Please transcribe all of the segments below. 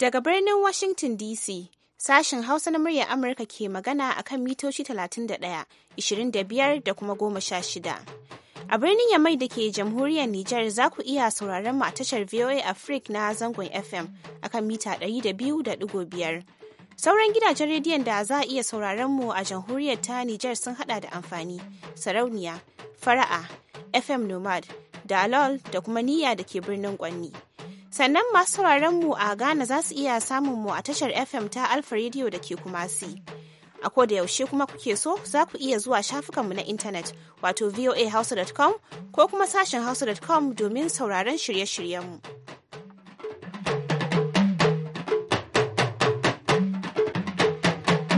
Daga birnin Washington DC, sashen Hausa na murya Amurka ke magana a kan mitoci 31, 25 da kuma 16. A birnin Yamai da ke jamhuriyar Nijar za ku iya sauraron mu a tashar VOA Africa na zangon FM a kan mita 200.5. Sauran gidajen rediyon da za a iya sauraron mu a jamhuriyar ta Nijar sun hada da amfani, sarauniya, fara'a, FM Nomad, Dalol da kuma niyya da ke birnin Kwanni. sannan masu mu a Ghana za su iya samun mu a tashar FM ta Alfa Radio da ke Kumasi. A da yaushe kuma kuke so za ku iya zuwa shafukanmu na intanet wato voahouse.com ko kuma sashen hausa.com domin sauraron shirye-shiryenmu.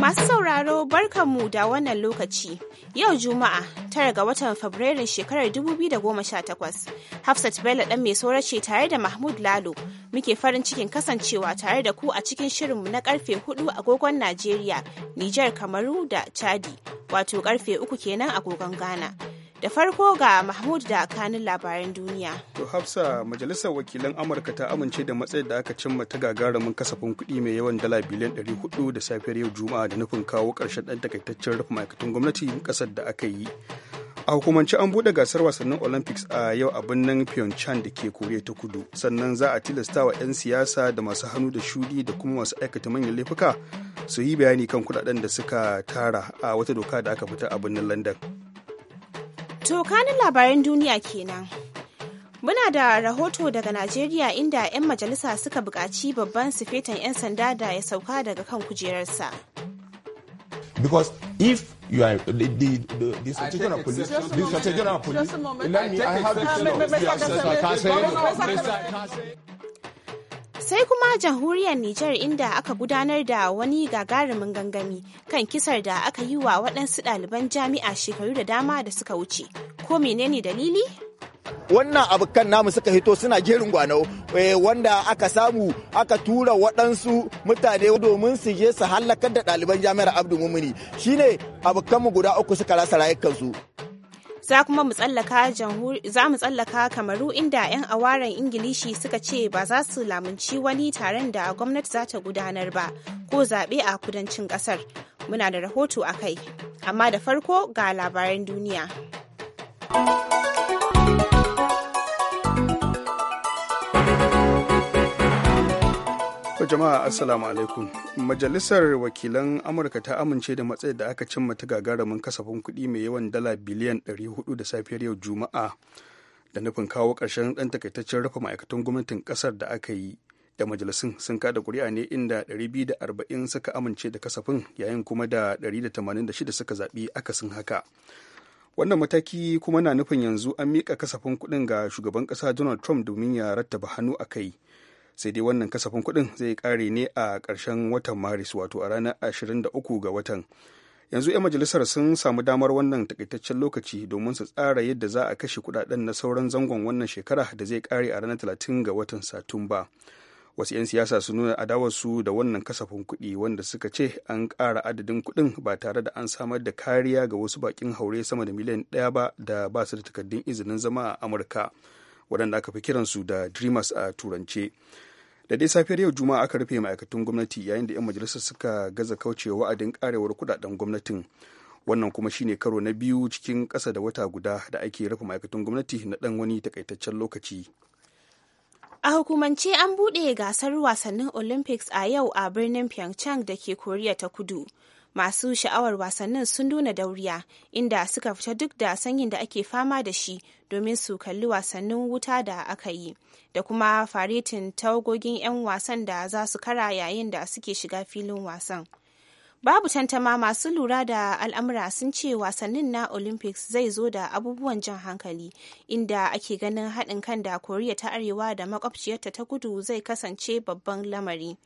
Masu sauraro barkanmu da wannan lokaci. Yau Juma'a, tara ga watan Fabrairun shekarar 2018. Hafsat Bello ɗan mai saurace ce tare da Mahmud Lalo. Muke farin cikin kasancewa tare da ku a cikin shirinmu na karfe 4 agogon Najeriya, Nijar, Kamaru da Chadi, wato karfe 3 kenan agogon Ghana. Da farko ga Mahmud da kanin labaran duniya. To Hafsa, Majalisar Wakilan Amurka ta amince da matsayin da aka cimma ta gagarumin kasafin kuɗi mai yawan dala biliyan 400 da safiyar yau Juma'a da nufin kawo karshen ɗan takaitaccen rufe ma'aikatan gwamnati kasar da aka yi. a hukumance an buɗe gasar wasannin olympics a yau a birnin pyeongchang da ke koriya ta kudu sannan za a tilasta wa 'yan siyasa da masu hannu da shudi da kuma masu aikata manyan laifuka su yi bayani kan kudaden da suka tara a wata doka da aka fita a birnin london To kanin labaran duniya kenan. Muna da rahoto daga Najeriya inda 'yan majalisa suka bukaci babban sufetan 'yan sanda da ya sauka daga kan kujerarsa. Because if you are the, the, the, the Police, the Police, let me, I have Sai kuma jamhuriyar Nijar inda aka gudanar da wani gagarumin gangami kan kisar da aka yi wa waɗansu ɗaliban jami'a shekaru da dama da suka wuce. Ko menene dalili? wannan abu kan namu suka hito suna jerin gwanau eh, wanda aka samu aka tura waɗansu mutane domin su je su hallakar da ɗaliban jami'ar abdu mumini shine abu guda uku suka rasa rayukansu. za kuma mu tsallaka kamaru inda 'yan awaren ingilishi suka ce ba za su lamunci wani taron da gwamnati za ta gudanar ba ko zaɓe a kudancin ƙasar muna da rahoto a kai amma da farko ga labaran duniya To jama'a assalamu alaikum. Majalisar wakilan Amurka ta amince da matsayin da aka cimma ta gagarumin kasafin kuɗi mai yawan dala biliyan 400 da safiyar yau Juma'a da nufin kawo ƙarshen ɗan takaitaccen rufe ma'aikatan gwamnatin ƙasar da aka yi da majalisun sun kada kuri'a ne inda 240 suka amince da kasafin yayin kuma da 186 suka zaɓi akasin haka. wannan mataki kuma na nufin yanzu an miƙa kasafin kuɗin ga shugaban ƙasa donald trump domin ya rattaba hannu a kai sai dai wannan kasafin kuɗin zai ƙare ne a karshen watan maris wato a ranar 23 ga watan yanzu 'yan majalisar sun samu damar wannan takaitaccen lokaci domin su tsara yadda za a kashe kudaden na sauran zangon wannan shekara da zai kare a ranar 30 ga watan satumba wasu 'yan siyasa sun nuna su da wannan kasafin kuɗi wanda suka ce an kara adadin kuɗin ba tare da an samar da kariya ga wasu bakin haure sama da miliyan ɗaya ba da ba su da takaddun izinin zama a amurka waɗanda aka fi kiransu da dreamers a turance da dai safiyar yau juma'a aka rufe ma'aikatan gwamnati yayin da 'yan majalisa suka gaza kauce wa'adin karewar kudaden gwamnatin wannan kuma shine karo na biyu cikin ƙasa da wata guda da ake rufe ma'aikatun gwamnati na ɗan wani takaitaccen lokaci A hukumance an buɗe gasar wasannin Olympics a yau a birnin Pyeongchang da ke Koriya ta Kudu. masu sha'awar wasannin sun nuna dauriya inda suka fita duk da sanyin da ake fama da shi domin su kalli wasannin wuta da aka yi da kuma faretin tawagogin 'yan wasan da za su kara yayin da suke shiga filin wasan babu tantama masu lura da al'amura sun ce wasannin na olympics zai zo da abubuwan jan hankali inda ake ganin haɗin kan da koriya ta arewa da makwabciyarta ta gudu zai kasance babban lamari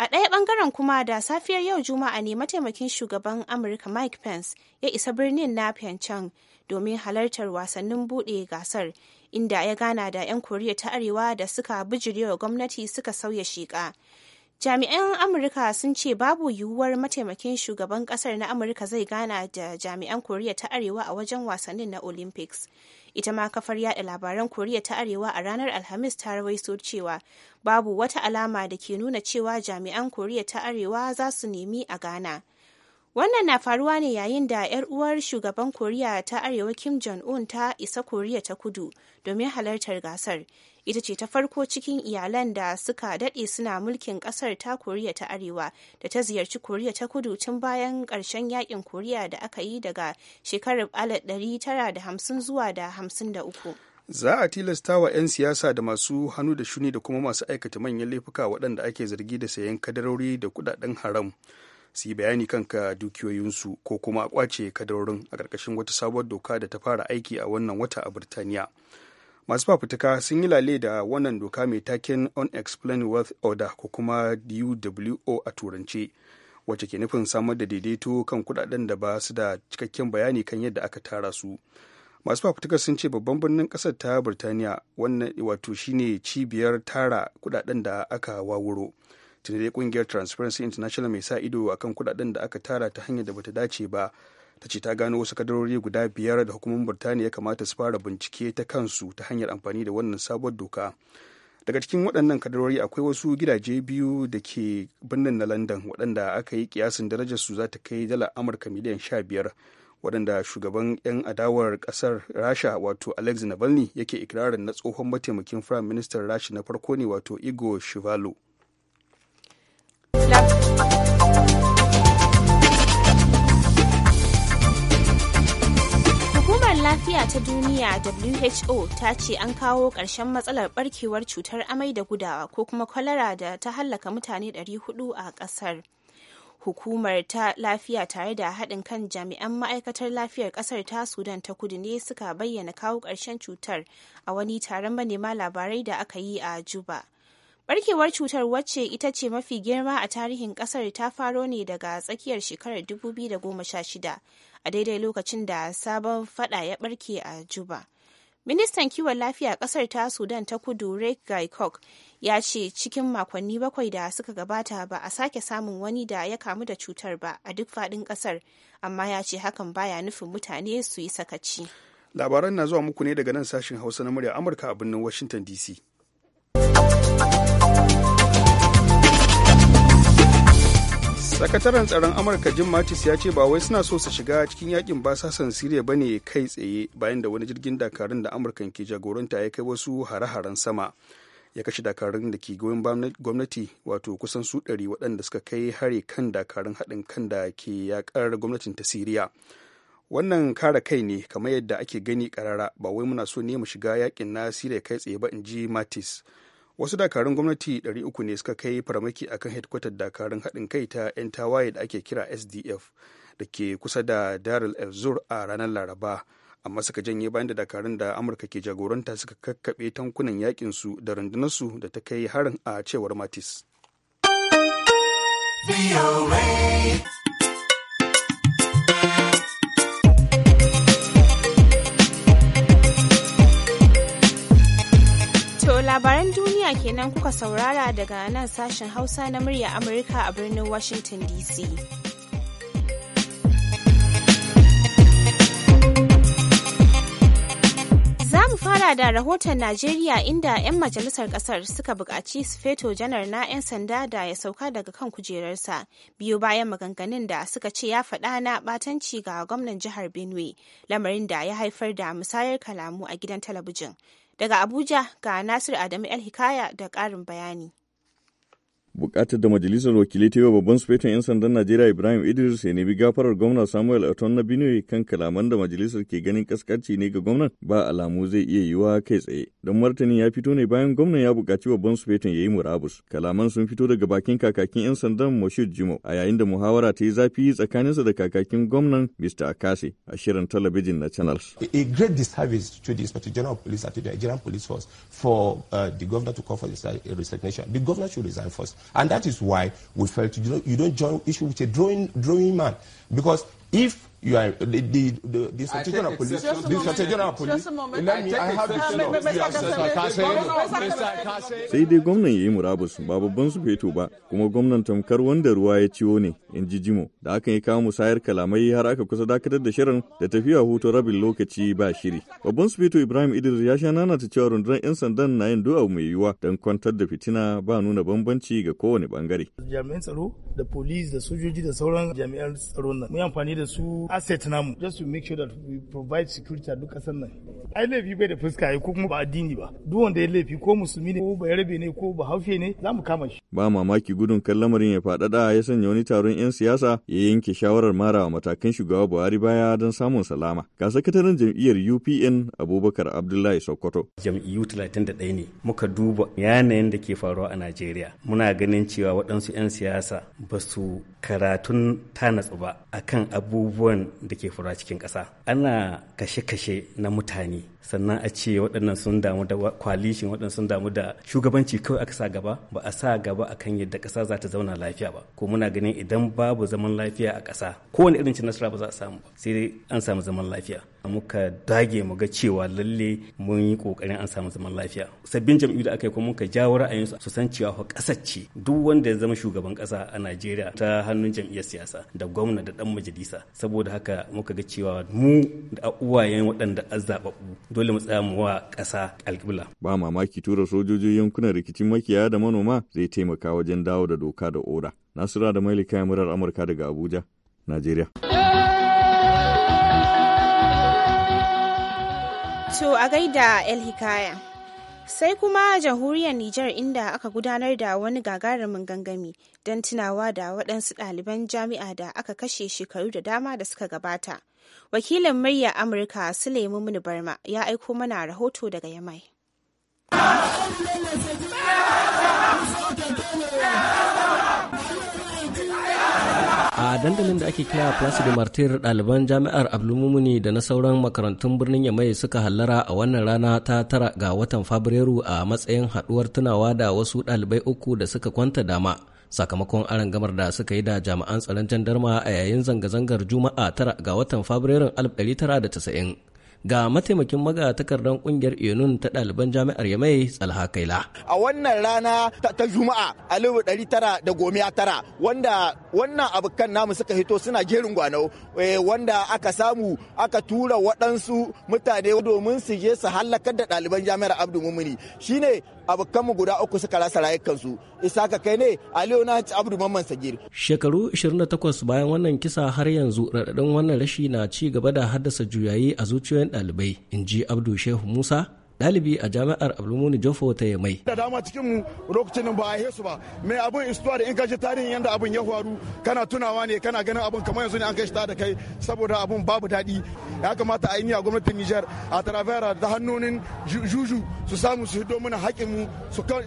A ɗaya ɓangaren kuma da safiyar yau Juma'a ne mataimakin shugaban Amurka Mike Pence ya isa birnin na Pyeongchang domin halartar wasannin buɗe gasar inda ya gana da 'yan Koriya ta Arewa da suka bijirewa gwamnati suka sauya shiƙa. Jami'an Amurka sun ce babu yiwuwar mataimakin shugaban kasar na Amurka zai gana da jami'an Koriya ta Arewa a wajen wasannin na Olympics. Ita ma kafar yada labaran Koriya ta Arewa a ranar Alhamis ta rawaiso cewa babu wata alama da ke nuna cewa jami'an Koriya ta Arewa za su nemi a gana Wannan na faruwa ne yayin da 'yar uwar shugaban Koriya ta Arewa Kim Jong-un ta isa Koriya ta Kudu domin halartar gasar, ita ce ta farko cikin iyalan da suka daɗe suna mulkin ƙasar ta koriya ta arewa da ta ziyarci koriya ta kudu tun bayan ƙarshen yakin koriya da aka yi daga shekarar 1950 zuwa da 53 za a tilasta wa 'yan siyasa da masu hannu da shuni da kuma masu aikata manyan laifuka waɗanda ake zargi da sayan kadarori da kudaden haram su yi bayani kanka dukiyoyinsu ko kuma a kwace kadarorin a ƙarƙashin wata sabuwar doka da ta fara aiki a wannan wata a birtaniya masu fafutuka sun yi lale da wannan doka mai taken unexplained wealth order ko kuma duwo a turance wacce ke nufin samar da daidaito kan kudaden da ba su da cikakken bayani kan yadda aka tara su masu fafutukar sun ce babban birnin kasar ta birtaniya wannan wato shine cibiyar tara kudaden da aka wawuro dai kungiyar transparency international mai sa ido akan kudaden da aka tara ta hanyar da bata dace ba ta ce ta gano wasu kadarori guda biyar da hukumomin burtaniya ya kamata su fara bincike ta kansu ta hanyar amfani da wannan sabuwar doka daga cikin waɗannan kadarori akwai wasu gidaje biyu da ke birnin na london waɗanda aka yi kiyasin darajar su za ta kai dala amurka miliyan sha biyar waɗanda shugaban 'yan adawar ƙasar rasha wato alex navalny yake ikirarin na tsohon mataimakin firayim ministan rasha na farko ne wato igor shivalo lafiya ta duniya WHO ta ce an kawo ƙarshen matsalar barkewar cutar amai da gudawa ko kuma kwalara da ta hallaka mutane 400 a ƙasar. Hukumar ta lafiya tare da haɗin kan jami'an ma'aikatar lafiyar ƙasar ta Sudan ta kudu ne suka bayyana kawo ƙarshen cutar a wani taron manema labarai da aka yi a Juba. Barkewar cutar wacce ita ce mafi girma a tarihin ƙasar ta faro ne daga tsakiyar shekarar 2016 a daidai lokacin da sabon fada ya barke a Juba. Ministan kiwon lafiya kasar ta Sudan ta kudu Rick Guy Cook ya ce cikin makonni bakwai da suka gabata ba a sake samun wani da ya kamu da cutar ba a duk fadin kasar amma ya ce hakan baya nufin mutane su yi sakaci. Labaran na zuwa muku ne daga nan sashen Hausa na murya Amurka a birnin Washington DC. sakataren tsaron amurka jim mattis ya ce ba wai suna so su shiga cikin yakin basasan siriya bane kai tsaye bayan da wani jirgin dakarun da amurka ke jagoranta ya kai wasu hare-haren sama ya kashe dakarun da ke goyon gwamnati wato kusan su ɗari waɗanda suka kai hare kan dakarun haɗin kan da ke yakar gwamnatin ta siriya wannan kare kai ne kamar yadda ake gani karara ba wai muna so ne mu shiga yakin na siriya kai tsaye ba in ji mattis wasu dakarun gwamnati 300 ne suka kai farmaki akan hedkwatar dakarun haɗin kai ta 'yan tawaye da ake kira sdf da ke kusa da darul el a ranar laraba amma suka janye bayan da dakarun da amurka ke jagoranta suka kakkaɓe tankunan yakinsu da rundunarsu da ta kai harin a cewar matis. labaran duniya kenan kuka saurara daga nan sashen hausa na murya amurka a birnin washington dc za fara da rahoton najeriya inda 'yan majalisar kasar suka bukaci su feto janar na 'yan sanda da ya sauka daga kan kujerarsa biyu bayan maganganun da suka ce ya faɗa na ɓatanci ga gwamnan jihar benue lamarin da ya haifar da musayar kalamu a gidan talabijin Daga Abuja ga Nasiru Adamu El Hikaya da ƙarin bayani. bukatar da majalisar wakilai ta yi wa babban sufetin 'yan sandan najeriya ibrahim idris ya nemi gafarar gwamna samuel aton na benue kan kalaman da majalisar ke ganin kaskanci ne ga gwamnan ba alamu zai iya yiwa kai tsaye don martanin ya fito ne bayan gwamnan ya bukaci babban sufetin ya yi murabus kalaman sun fito daga bakin kakakin 'yan sandan moshood jimo a yayin da muhawara ta yi zafi tsakaninsa da kakakin gwamnan mr akase a shirin talabijin na channels. a great disservice to the inspector general police at the nigerian police force for uh, the governor to call for the resignation the governor should resign first And that is why we felt you, know, you don't join issue with a drawing, drawing man. Because if you are the the the, the strategic General Police, the strategic General Police. Let me, I have the Sai dai gwamnan ya yi murabus ba babban su feto ba, kuma gwamnan tamkar wanda ruwa ya ciwo ne, in ji Jimo, da hakan ya kawo musayar kalamai har aka kusa dakatar da shirin da tafiya hutu rabin lokaci ba shiri. Babban su feto Ibrahim Idris ya sha nanata cewa rundunar 'yan sandan na yin du'a mai yiwuwa don kwantar da fitina ba nuna bambanci ga kowane bangare. Jami'an tsaro da polis da sojoji da sauran jami'an tsaron nan, mu amfani da su asset namu just to make sure that we provide security a duk kasar nan ai laifi bai da fuska ko kuma ba addini ba duk wanda ya laifi ko musulmi ne ko bayarabe ne ko haufe ne za mu kama shi ba mamaki gudun kan lamarin ya faɗaɗa ya sanya wani taron 'yan siyasa ya yanke shawarar marawa matakan shugaba buhari baya don samun salama ga sakataren jam'iyyar upn abubakar abdullahi sokoto jam'iyyu talatin da ɗaya ne muka duba yanayin da ke faruwa a najeriya muna ganin cewa waɗansu 'yan siyasa ba su karatun tanatsu ba akan abubuwan da ke fura cikin ƙasa ana kashe-kashe na mutane sannan a ce waɗannan sun damu da kwalishin waɗannan sun damu da shugabanci kawai aka sa gaba ba a sa gaba a akan yadda ƙasa za ta zauna lafiya ba ko muna ganin idan babu zaman lafiya a ƙasa kowane irin ci nasara ba za a samu ba sai dai an samu zaman lafiya muka dage mu ga cewa lalle mun yi kokarin an samu zaman lafiya sabbin jam'iyyu da aka yi kuma muka jawo ra'ayin su san cewa fa ƙasar duk wanda ya zama shugaban ƙasa a Najeriya ta hannun jam'iyyar siyasa da gwamna da dan majalisa saboda haka muka ga cewa mu da uwayen waɗanda azzababu dole mu tsaya mu wa ƙasa alƙibla. Ba mamaki tura sojoji yankunan rikicin makiyaya da manoma zai taimaka wajen dawo da doka da ora Nasira da Maili kayan murar Amurka daga Abuja, Najeriya. To a gaida El Hikaya. Sai kuma jamhuriyar Nijar inda aka gudanar da wani gagarumin gangami don tunawa da waɗansu ɗaliban jami'a da aka kashe shekaru da dama da suka gabata. Wakilin murya Amurka Suleiman Muni Barma ya aiko mana rahoto daga Yamai. a dandalin da ake kira Place de ɗaliban jami'ar Abdulmumuni da na sauran makarantun birnin Yamai suka hallara a wannan rana ta tara ga watan Fabrairu a matsayin haɗuwar tunawa da wasu ɗalibai uku da suka kwanta dama sakamakon gamar da suka yi da jami'an tsaron jandarma a yayin zanga-zangar juma'a tara ga watan fabrairun 1990 ga mataimakin magatakardan kungiyar yunun ta ɗaliban jami'ar yamai tsalha kaila a wannan rana ta, juma'a alibu dari tara da a tara wanda wannan abokan namu suka hito suna jerin gwano, eh, wanda aka samu aka tura waɗansu mutane domin su je su hallakar da ɗaliban jami'ar abdu mumini shine mu guda uku suka rasa rayukansu ka kai ne aliyu na ci abdu mamman sagir shekaru 28 bayan wannan kisa har yanzu raɗaɗin wannan rashi na ci gaba da haddasa juyayi a zuciyoyin ɗalibai in ji abdu shehu musa ɗalibi a jami'ar abdulmuni jofo ta yamai da dama cikin mu lokacin ba a su ba mai abun istuwa da in ka tarihin yadda abun ya faru kana tunawa ne kana ganin abun kamar yanzu ne an kai shi da kai saboda abun babu daɗi ya kamata a yi a gwamnatin nijar a tarafera da hannunin juju su samu su hido mana haƙin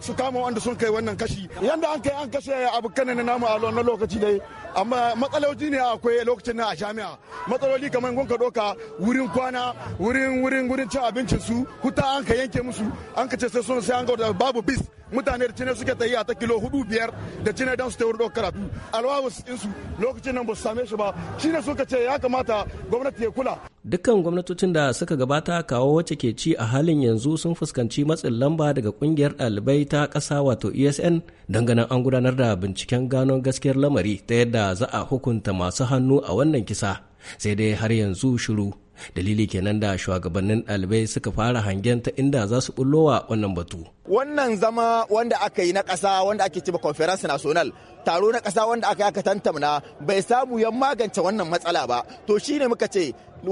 su kama wanda sun kai wannan kashi yadda an kai an kashe kanan na namu a wannan lokaci dai amma matsaloli ne akwai lokacin na a jami'a matsaloli kamar gunka doka wurin kwana wurin wurin wurin cin abincin su huta an ka yanke musu an ka ce sai sun sai an ga babu bis mutane da cinai suke tayi a ta kilo hudu biyar da cinai dan su ta wurin karatu alwawus insu lokacin nan ba su same shi ba shine suka ce ya kamata gwamnati ya kula dukkan gwamnatocin da suka gabata kawo wacce ke ci a halin yanzu sun fuskanci matsin lamba daga kungiyar ɗalibai ta kasa wato esn dangane an gudanar da binciken gano gaskiyar lamari ta yadda za a hukunta masu hannu a wannan kisa sai dai har yanzu shiru dalili kenan da shugabannin ɗalibai suka fara hangen ta inda za su wa wannan batu wannan zama wanda aka yi na kasa wanda ake cewa conference national taro na ƙasa wanda aka aka tantamna bai samu yan magance wannan matsala ba to shine muka ce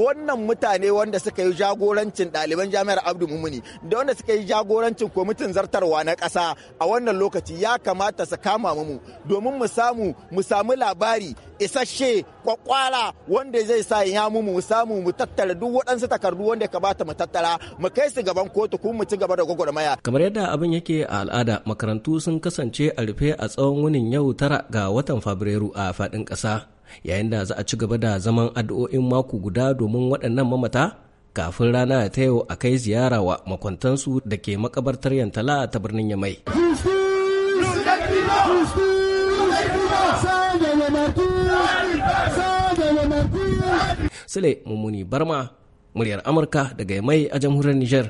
wannan mutane wanda suka yi jagorancin ɗaliban jami'ar abdu mumuni da wanda suka yi jagorancin kwamitin zartarwa na kasa a wannan lokaci ya kamata su kama mu domin mu samu mu samu labari isasshe kwakwara wanda zai sa ya mu mu samu mu tattara duk waɗansu takardu wanda ya kamata mu tattara mu kai su gaban kotu kuma mu ci gaba da gwagwarmaya. Kamar yadda abin yake a al'ada makarantu sun kasance a rufe a tsawon wunin yau tara ga watan Fabrairu a faɗin ƙasa yayin da za a ci gaba da zaman addu'o'in mako guda domin waɗannan mamata kafin rana ta yau a kai ziyara wa makwantansu da ke makabartar Yantala ta birnin Yamai. Sule Mummuni Barma, muryar Amurka daga mai a jamhuriyar Nijar.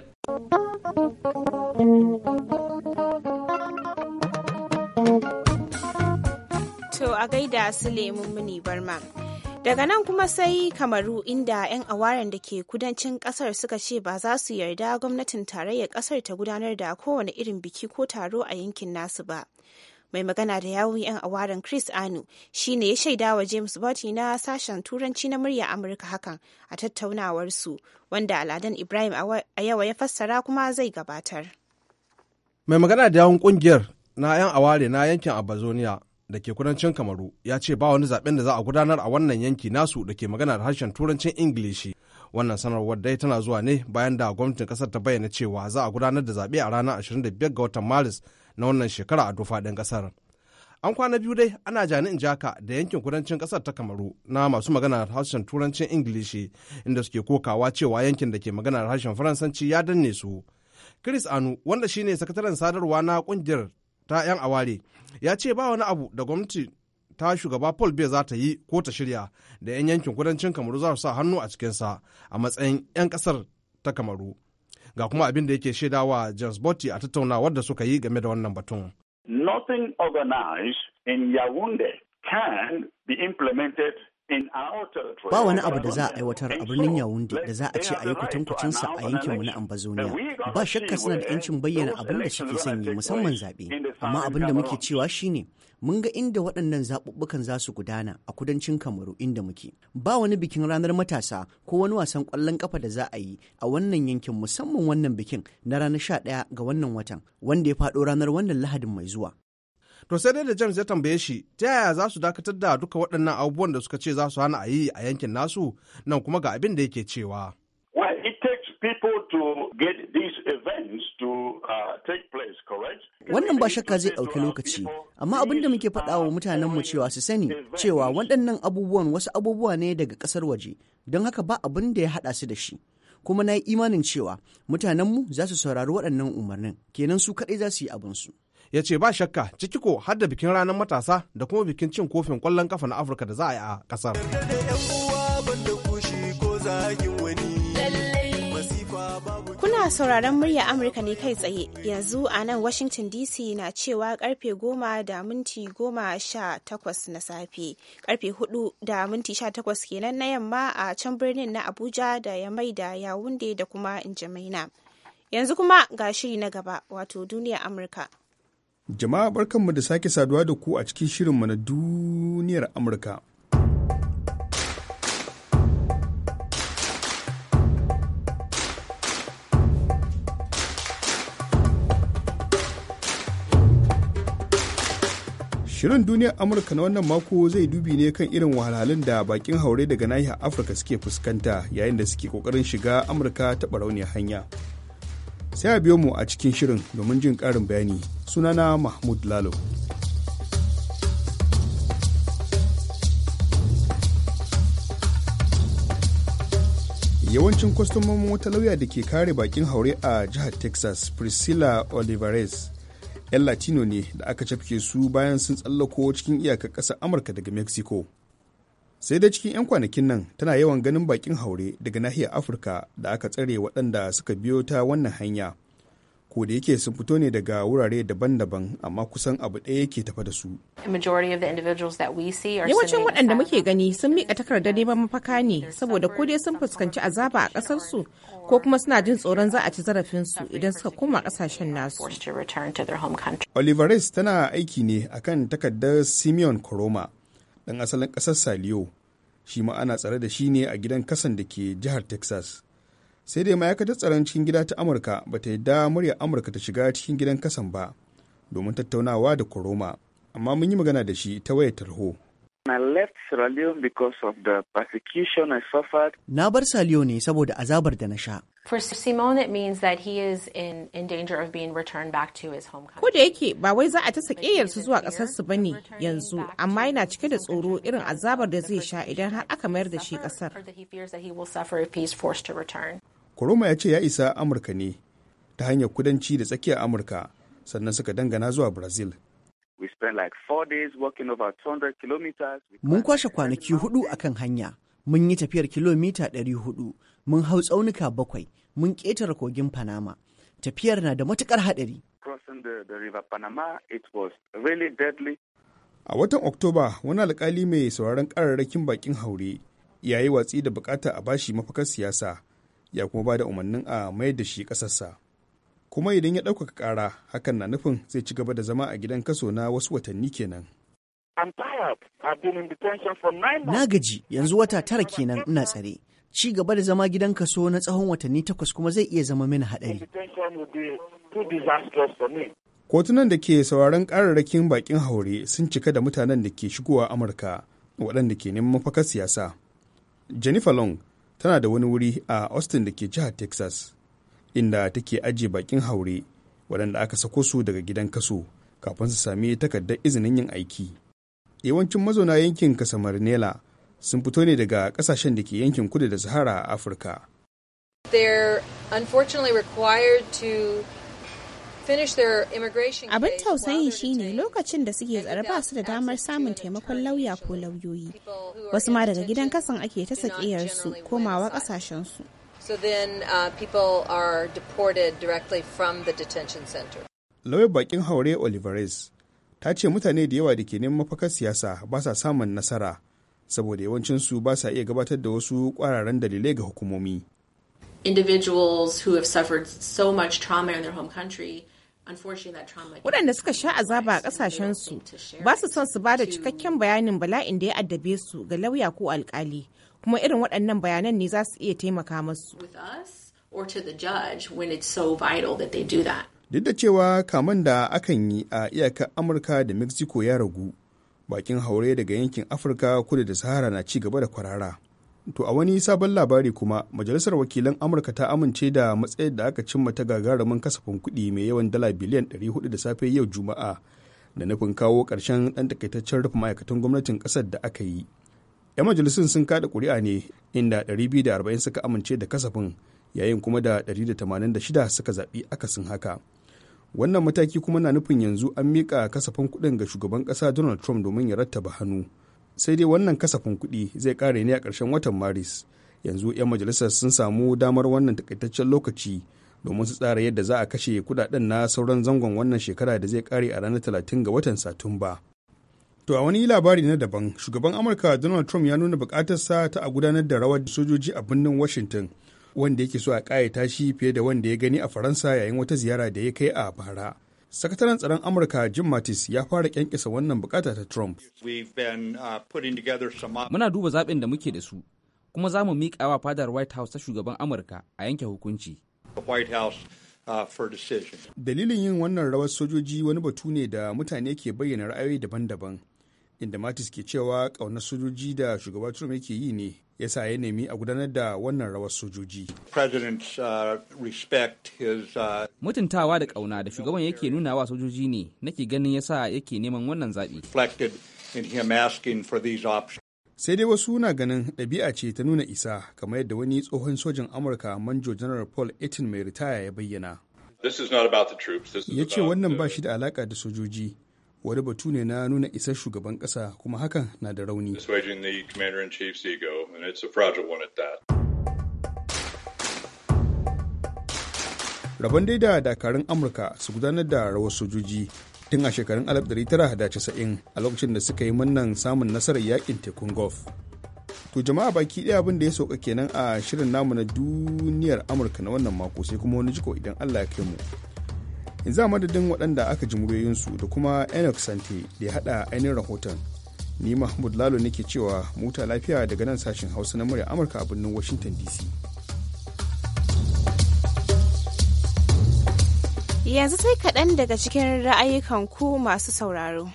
To a gaida Sule Mummuni Barma. Daga nan kuma sai Kamaru inda 'yan awaren da ke kudancin kasar suka ce ba za su yarda gwamnatin tarayyar kasar ta gudanar da kowane irin biki ko taro a yankin nasu ba. mai magana da yawun 'yan awaren chris anu shine ya shaida wa james botti na sashen turanci na murya amurka hakan a tattaunawar su wanda aladan ibrahim a yawa ya fassara kuma zai gabatar mai magana da yawun kungiyar na 'yan aware na yankin abazoniya da ke kudancin kamaru ya ce ba wani zaben da za a gudanar a wannan yanki nasu da ke magana da harshen turancin ingilishi wannan sanarwar dai tana zuwa ne bayan da gwamnatin kasar ta bayyana cewa za a gudanar da zaɓe a ranar 25 ga watan maris na wannan shekara a dufaɗin ƙasar. An kwana biyu dai ana jani in jaka da yankin kudancin ƙasar ta Kamaru na masu magana da harshen Turancin Ingilishi inda suke kokawa cewa yankin da ke magana da harshen Faransanci ya danne su. Chris Anu wanda shine sakataren sadarwa na ƙungiyar ta 'yan aware ya ce ba wani abu da gwamnati ta shugaba Paul Biya za ta yi ko ta shirya da 'yan yankin kudancin Kamaru za su sa hannu a cikinsa a matsayin 'yan ƙasar ta Kamaru. ga kuma abin da yake shaidawa James Botti a tattaunawar da suka yi game da wannan batun. Nothing organized in Yaounde can be implemented Ba wani abu da za a aiwatar a birnin Yawunde da za a ce a yi kwatankwacinsa a yankinmu na ambazoniya Ba shakka suna da 'yancin bayyana abin da suke yi musamman zaɓe. Amma abin da muke cewa shine mun ga inda waɗannan zaɓuɓɓukan za su gudana a kudancin Kamaru inda muke. Ba wani bikin ranar matasa ko wani wasan ƙwallon ƙafa da za a yi a wannan yankin musamman wannan bikin na ranar ɗaya ga wannan watan wanda ya faɗo ranar wannan Lahadin mai zuwa. To sai dai da James ya tambaye shi ta yaya za su dakatar da duka waɗannan abubuwan da suka ce za su hana a yi a yankin nasu nan kuma ga abin da yake cewa. Uh, Wannan ba shakka zai ɗauki lokaci, amma abin da muke faɗa wa mutanenmu cewa su sani cewa waɗannan abubuwan wasu abubuwa ne daga ƙasar waje, don haka ba abin da ya haɗa su da shi. Kuma na yi imanin cewa mutanenmu za su saurari waɗannan umarnin, kenan su kaɗai za su yi abinsu. ya ce ba shakka ciki ko har da bikin ranar matasa da kuma bikin cin kofin kwallon kafa na afirka da za a yi a kasar kuna sauraron murya amurka ne kai tsaye yanzu a nan washington dc na cewa karfe goma da minti goma na safe karfe 4 da minti sha kenan na yamma a can birnin na abuja da yamai da yawunde da kuma jamaina yanzu kuma ga shiri na gaba wato duniya amurka Jama'a barkanmu da sake saduwa da ku a cikin shirinmu na duniyar Amurka. Shirin duniyar Amurka na wannan mako zai dubi ne kan irin wahalhalun da bakin haure daga nahiyar Afirka suke fuskanta yayin da suke kokarin shiga Amurka ta barauniyar hanya. sai a biyo mu a cikin shirin domin jin ƙarin bayani sunana mahmud lalo yawancin kwastomomin wata lauya da ke kare bakin haure a jihar texas priscilla olivares 'yan latino ne da aka cafke su bayan sun tsallako cikin iyakar ƙasar amurka daga mexico sai dai cikin 'yan kwanakin nan tana yawan ganin bakin haure daga nahiyar afirka da aka tsare waɗanda suka biyo ta wannan hanya ko da yake sun fito ne daga wurare daban-daban amma kusan abu ɗaya yake tafa da su. Yawancin waɗanda muke gani sun miƙa takardar neman mafaka ne saboda ko dai sun fuskanci azaba a ƙasarsu ko kuma suna jin tsoron za a ci zarafinsu idan suka koma ƙasashen nasu. oliveres tana aiki ne akan takardar Simeon Koroma ɗan asalin ƙasar saliyo shi ma ana tsare da shi ne a gidan kasan da ke jihar texas sai dai ma'aikatar tsaron cikin gida ta amurka ba ta yadda ya amurka ta shiga cikin gidan kasan ba domin tattaunawa da koroma amma mun yi magana da shi ta wayar tarho Na bar Saliyo ne saboda azabar da na sha. For Simone, it that he is in, in danger of being to his home Ko da yake ba wai za a ta yarsu zuwa ƙasarsu ba ne yanzu, amma yana cike da tsoro irin azabar da zai sha idan har aka mayar da shi ƙasar. Kuroma ya ce ya isa Amurka ne ta hanyar kudanci da tsakiyar Amurka, sannan suka dangana zuwa Brazil. Mun kwashe kwanaki hudu a kan hanya. Mun yi tafiyar kilomita ɗari huɗu, Mun hau tsaunuka bakwai. Mun ƙetare kogin Panama. Tafiyar na da matuƙar haɗari. A watan Oktoba, wani alkali mai sauraron ƙararrakin bakin haure ya yi watsi da bukata a bashi mafakar siyasa, ya kuma ba da umarnin a mayar da shi ƙasarsa. kuma idan ya ɗaukaka ƙara hakan na nufin zai ci gaba da zama a gidan kaso na wasu watanni kenan. Na gaji yanzu wata tara kenan ina tsare. Ci gaba da zama gidan kaso na tsawon watanni takwas kuma zai iya zama mini haɗari. Kotunan da ke sauraron ƙararrakin bakin haure sun cika da mutanen da ke shigowa Amurka waɗanda ke neman mafakar siyasa. Jennifer Long tana da wani wuri a Austin da ke jihar Texas. inda take ajiye bakin haure waɗanda aka sako su daga gidan kaso kafin su sami takardar izinin yin aiki yawancin mazauna yankin kasamarnela sun fito ne daga ƙasashen da ke yankin kudu da sahara a afirka Abin tausayin shine lokacin da suke tsare ba su da damar samun taimakon lauya ko lauyoyi. Wasu ma daga gidan kasan ake ta su komawa ƙasashensu. So then uh, people are deported directly from the detention center. Lawyer bakin haure Olivares ta ce mutane da yawa da ke neman mafakar siyasa ba sa samun nasara saboda yawancinsu ba sa iya gabatar da wasu kwararan dalilai ga hukumomi. Individuals who have suffered so much trauma in their home country waɗanda suka sha azaba a ƙasashensu ba su son su ba da cikakken bayanin bala'in da ya addabe su ga lauya ko alkali kuma irin waɗannan bayanan ne za su iya taimaka musu. Duk da cewa kaman da akan yi a iyakar Amurka da Mexico ya ragu, bakin haure daga yankin Afirka kudu da Sahara na ci gaba da kwarara. To a wani sabon labari kuma Majalisar Wakilan Amurka ta amince da matsayin da aka cimma ta gagarumin kasafin kuɗi mai yawan dala biliyan 400 da safe yau Juma'a da nufin kawo ƙarshen ɗan takaitaccen rufe ma'aikatan gwamnatin ƙasar da aka yi. 'yan majalisun sun kada kuri'a ne inda 240 suka amince da kasafin yayin kuma da 186 suka zaɓi akasin haka wannan mataki kuma na nufin yanzu an miƙa kasafin kuɗin ga shugaban ƙasa donald trump domin ya rattaba hannu sai dai wannan kasafin kuɗi zai kare ne a ƙarshen watan maris yanzu 'yan majalisar sun samu damar wannan takaitaccen lokaci domin su tsara yadda za a kashe kuɗaɗen na sauran zangon wannan shekara da zai kare a ranar 30 ga watan satumba To a wani labari na daban, shugaban Amurka Donald Trump ya nuna bukatarsa ta a gudanar da rawar sojoji a birnin Washington, wanda yake so a ƙayata shi fiye da wanda ya gani a Faransa yayin wata ziyara da ya kai a bara. Sakataren tsaron Amurka Jim Mattis ya fara kyankyasa wannan bukata ta Trump. Uh, Muna duba zaɓin da muke da su, kuma za mu miƙa wa fadar White House ta shugaban Amurka a yanke hukunci. Uh, Dalilin yin wannan rawar sojoji wani batu ne da mutane ke bayyana ra'ayoyi daban-daban. inda matis ke cewa ƙaunar sojoji da shugaba trump yake yi ne ya sa ya nemi a gudanar da wannan rawar sojoji uh, uh, mutuntawa da ƙauna da shugaban yake nuna wa sojoji ne nake ganin ya sa yake neman wannan zaɓi sai dai wasu na ganin ɗabi'a ce ta nuna isa kamar yadda wani tsohon sojin amurka manjo general paul etin mai ritaya ya bayyana ya ce wannan ba shi da alaka da sojoji wani batu ne na nuna isar shugaban kasa kuma hakan na da rauni. Rabon dai da dakarun Amurka su gudanar da rawar sojoji tun a shekarun 1990 a lokacin da suka yi mannan samun nasarar yakin tekun Gulf. To jama'a baki ɗaya abin da ya sauka kenan a shirin namu na duniyar Amurka na wannan mako sai kuma wani jiko idan Allah ya kai mu. za madadin waɗanda aka ji muryoyinsu da kuma enoch sante da ya haɗa ainihin rahoton ni mahmud lalo nake cewa muta lafiya daga nan sashen hausa na murya amurka a birnin washington dc yanzu sai kaɗan daga cikin ra'ayukan ku masu sauraro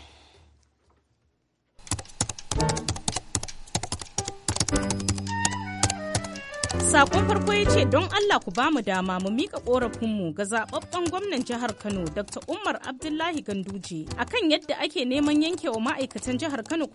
Sakon farko ya ce don Allah ku bamu dama mu mika korafinmu ga zababben gwamnan jihar Kano Dr. Umar Abdullahi Ganduje akan yadda ake neman yanke wa ma'aikatan jihar Kano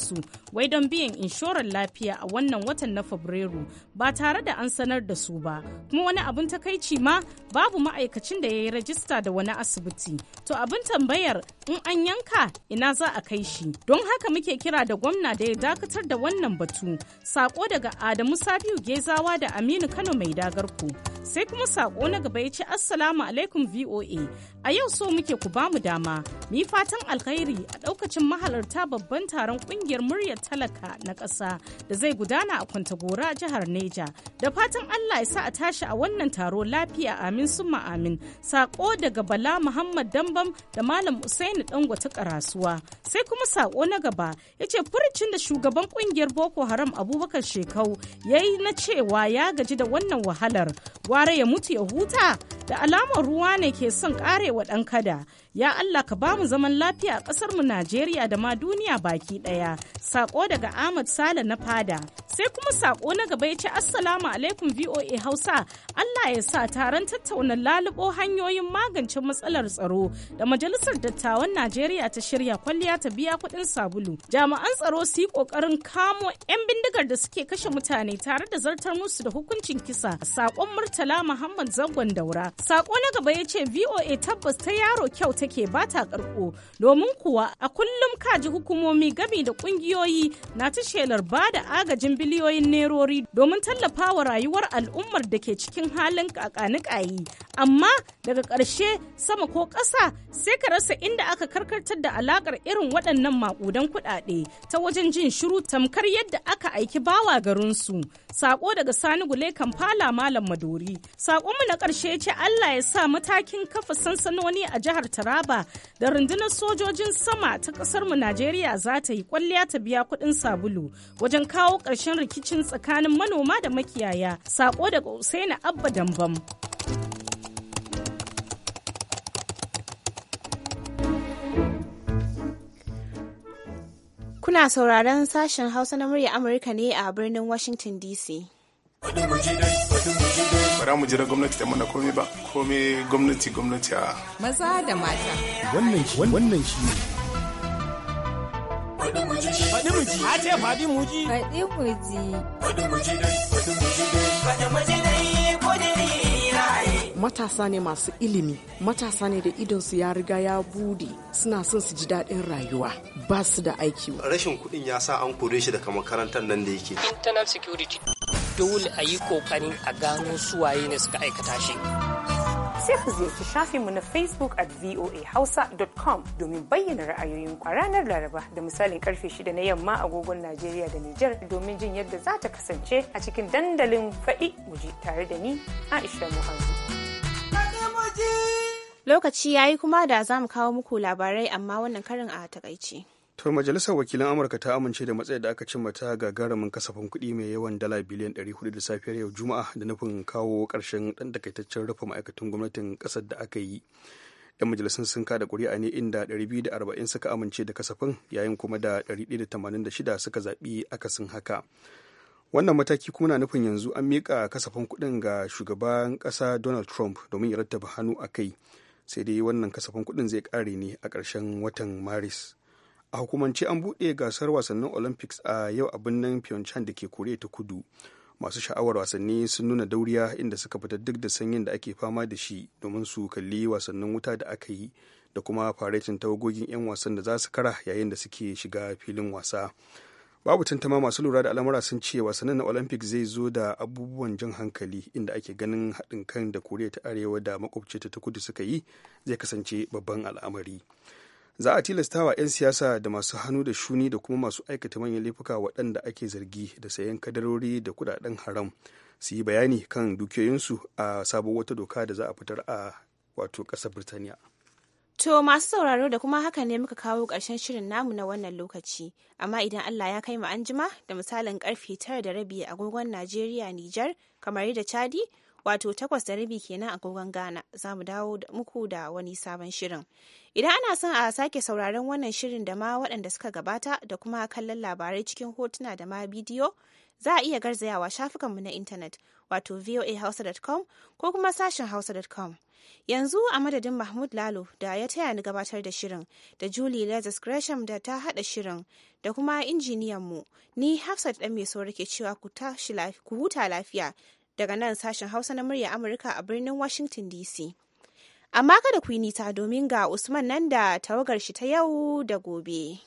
su wai don biyan inshorar lafiya a wannan watan na Fabrairu ba tare da an sanar da su ba. Kuma wani abin takaici ma babu ma'aikacin da ya yi rajista da wani asibiti. To abin tambayar in an yanka ina za a kai shi. Don haka muke kira da gwamna da ya dakatar da wannan batu. Sako daga Adamu Sabiu Gezawa da Aminu Kano mai dagarku. Sai kuma saƙo na gaba ya ce Assalamu alaikum VOA. A yau so muke ku bamu dama, mi fatan alkhairi a ɗaukacin mahalarta babban taron ƙungiyar muryar talaka na ƙasa da zai gudana a Kwantagora jihar Neja. Da fatan Allah ya sa a tashi a wannan taro lafiya amin summa amin. Saƙo daga Bala Muhammad Dambam da Malam Usaini Dangote Karasuwa. Sai kuma saƙo na gaba ya ce furucin da shugaban ƙungiyar Boko Haram Abubakar Shekau ya yi na cewa ya gaji da wannan wahalar, ware ya mutu ya huta da alamar ruwa ne ke son karewa ɗan kada. Ya Allah ka ba mu zaman lafiya a ƙasar mu Najeriya da ma duniya baki ɗaya. Sako daga Ahmad Sale na fada. Sai kuma sako na gaba ya ce Assalamu alaikum VOA Hausa. Allah ya sa taron tattauna lalubo hanyoyin magance matsalar tsaro da Majalisar Dattawan Najeriya ta shirya kwalliya ta biya kuɗin sabulu. Jami'an tsaro su yi ƙoƙarin kamo 'yan bindigar da suke kashe mutane tare da zartar musu da hukuncin kisa. Sakon Murtala Muhammad Zangon Daura. Sako na gaba ya ce VOA tabbas ta yaro kyau take ba ta karko domin kuwa a kullum kaji hukumomi gami da kungiyoyi na ta shelar ba da agajin biliyoyin nerori domin tallafawa rayuwar al'ummar da ke cikin halin kakanikayi amma daga ƙarshe sama ko ƙasa sai ka rasa inda aka karkartar da alakar irin waɗannan maƙudan kuɗaɗe ta wajen jin shiru tamkar yadda aka aiki bawa garinsu sako daga sani gule kamfala malam madori saƙonmu na ƙarshe ce allah ya sa matakin kafa sansanoni a jihar tara Taraba da rundunar sojojin sama ta ƙasarmu Najeriya za ta yi kwalliya ta biya kuɗin sabulu wajen kawo ƙarshen rikicin tsakanin manoma da makiyaya. Sako daga Usaina Abba Dambam. Kuna sauraron sashen Hausa na murya Amurka ne a birnin Washington DC. Bari mu ji dai, mu ji dai. Bara mu jira gwamnati ta mana komai ba, komai gwamnati gwamnati a. Maza da mata. Wannan shi wannan shi ne. Faɗi mu ji. A ce faɗi mu ji. Faɗi mu ji. Faɗi mu ji dai, faɗi mu ji dai. Faɗi dai. matasa ne masu ilimi matasa ne da idonsu ya riga ya bude suna son su ji daɗin rayuwa ba su da aiki rashin kuɗin ya sa an kore shi daga makarantar nan da yake internal security dole a yi kokarin a gano suwaye ne suka aikata shi. sai ku ziyarci shafinmu na facebook at voahausa.com domin bayyana ra'ayoyin a ranar laraba da misalin karfe 6 na yamma agogon najeriya da nijar domin jin yadda za ta kasance a cikin dandalin faɗi muji tare da ni aisha muhammadu lokaci ya yi kuma da za mu kawo muku labarai amma wannan karin a takaici. to majalisar wakilan amurka ta amince da matsayar da aka cimma ta gagarumin kasafin kuɗi mai yawan dala biliyan 400 da safiyar yau juma'a da nufin kawo karshen ɗan takaitaccen rufe ma'aikatan gwamnatin ƙasar da aka yi yan majalisun sun kada kuri'a ne inda 240 suka amince da kasafin yayin kuma da 186 suka zaɓi akasin haka wannan mataki kuma na nufin yanzu an miƙa kasafin kuɗin ga shugaban ƙasa donald trump domin ya rattaba hannu a kai sai dai wannan kasafin kuɗin zai kare ne a ƙarshen watan maris a hukumance an buɗe gasar wasannin olympics a yau a birnin pyeongchang da ke koriya ta kudu masu sha'awar wasanni sun nuna dauriya inda suka fita duk da sanyin da ake fama da shi domin su kalli wasannin wuta da aka yi da kuma faretin tawagogin 'yan wasan da za su kara yayin da suke shiga filin wasa babu tantama masu lura da al'amura sun ce wasannin na olympic zai zo da abubuwan jan hankali inda ake ganin haɗin kan da koriya ta arewa da makwabcinta ta kudu suka yi zai kasance babban al'amari za a wa 'yan siyasa da masu hannu da shuni da kuma masu aikata manyan laifuka waɗanda ake zargi da sayan kadarori da kudaden haram su yi bayani kan dukiyoyinsu a sabon wata doka da za a fitar a wato ƙasar birtaniya To masu sauraro da kuma haka ne muka kawo ƙarshen shirin namu na wannan lokaci, amma idan Allah ya kai mu anjima da misalin karfe tara da rabi agogon Najeriya Nijar kamar da Chadi wato takwas da rabi kenan agogon Ghana za mu dawo muku da wani sabon shirin. Idan ana son a sake sauraron wannan shirin da ma waɗanda suka gabata da kuma kallon labarai cikin hotuna da ma bidiyo za a iya garzayawa shafukanmu na intanet wato voahausa.com ko kuma sashen hausa.com. Yanzu a madadin Mahmud Lalo da ya taya ni gabatar da shirin da Julie Lazarus Gresham da ta hada shirin da kuma injiniyanmu ni Hafsat ɗan mai ke cewa ku huta lafiya daga nan sashen Hausa na murya Amurka a birnin Washington DC. Amma kada ku yi nisa domin ga Usman nan da tawagar shi ta yau da gobe.